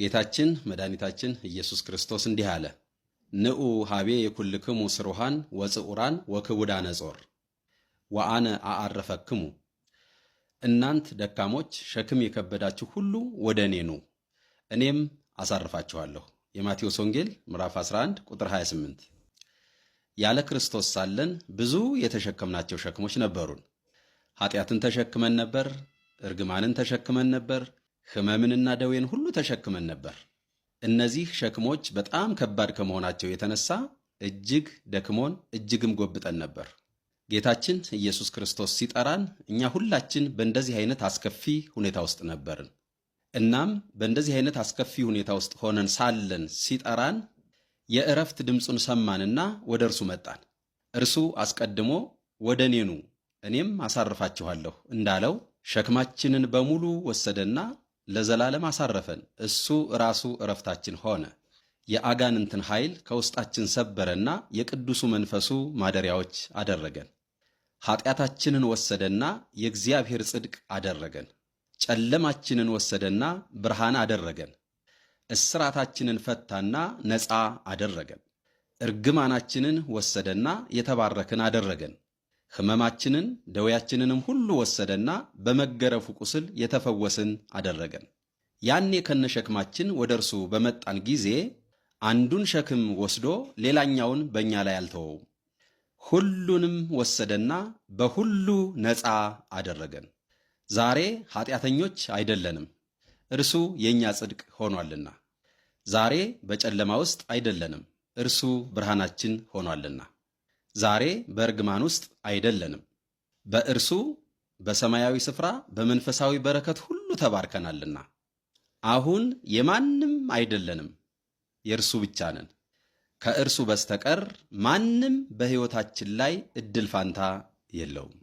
ጌታችን መድኃኒታችን ኢየሱስ ክርስቶስ እንዲህ አለ፣ ንዑ ሀቤ የኩልክሙ ስሩሃን ወጽዑራን ወክቡዳነ ጾር ወአነ አአረፈክሙ፣ እናንት ደካሞች ሸክም የከበዳችሁ ሁሉ ወደ እኔ ኑ እኔም አሳርፋችኋለሁ። የማቴዎስ ወንጌል ምዕራፍ 11 ቁጥር 28። ያለ ክርስቶስ ሳለን ብዙ የተሸከምናቸው ሸክሞች ነበሩን። ኃጢአትን ተሸክመን ነበር። እርግማንን ተሸክመን ነበር። ሕመምንና ደዌን ሁሉ ተሸክመን ነበር። እነዚህ ሸክሞች በጣም ከባድ ከመሆናቸው የተነሳ እጅግ ደክሞን እጅግም ጎብጠን ነበር። ጌታችን ኢየሱስ ክርስቶስ ሲጠራን እኛ ሁላችን በእንደዚህ አይነት አስከፊ ሁኔታ ውስጥ ነበርን። እናም በእንደዚህ አይነት አስከፊ ሁኔታ ውስጥ ሆነን ሳለን ሲጠራን የእረፍት ድምፁን ሰማንና ወደ እርሱ መጣን። እርሱ አስቀድሞ ወደ እኔኑ እኔም አሳርፋችኋለሁ እንዳለው ሸክማችንን በሙሉ ወሰደና ለዘላለም አሳረፈን። እሱ ራሱ እረፍታችን ሆነ። የአጋንንትን ኃይል ከውስጣችን ሰበረና የቅዱሱ መንፈሱ ማደሪያዎች አደረገን። ኃጢአታችንን ወሰደና የእግዚአብሔር ጽድቅ አደረገን። ጨለማችንን ወሰደና ብርሃን አደረገን። እስራታችንን ፈታና ነፃ አደረገን። እርግማናችንን ወሰደና የተባረክን አደረገን። ሕመማችንን ደዌያችንንም ሁሉ ወሰደና በመገረፉ ቁስል የተፈወስን አደረገን። ያኔ ከነ ሸክማችን ወደ እርሱ በመጣን ጊዜ አንዱን ሸክም ወስዶ ሌላኛውን በእኛ ላይ አልተወውም። ሁሉንም ወሰደና በሁሉ ነፃ አደረገን። ዛሬ ኃጢአተኞች አይደለንም፣ እርሱ የእኛ ጽድቅ ሆኗልና። ዛሬ በጨለማ ውስጥ አይደለንም፣ እርሱ ብርሃናችን ሆኗልና። ዛሬ በእርግማን ውስጥ አይደለንም። በእርሱ በሰማያዊ ስፍራ በመንፈሳዊ በረከት ሁሉ ተባርከናልና አሁን የማንም አይደለንም፣ የእርሱ ብቻ ነን። ከእርሱ በስተቀር ማንም በሕይወታችን ላይ እድል ፋንታ የለውም።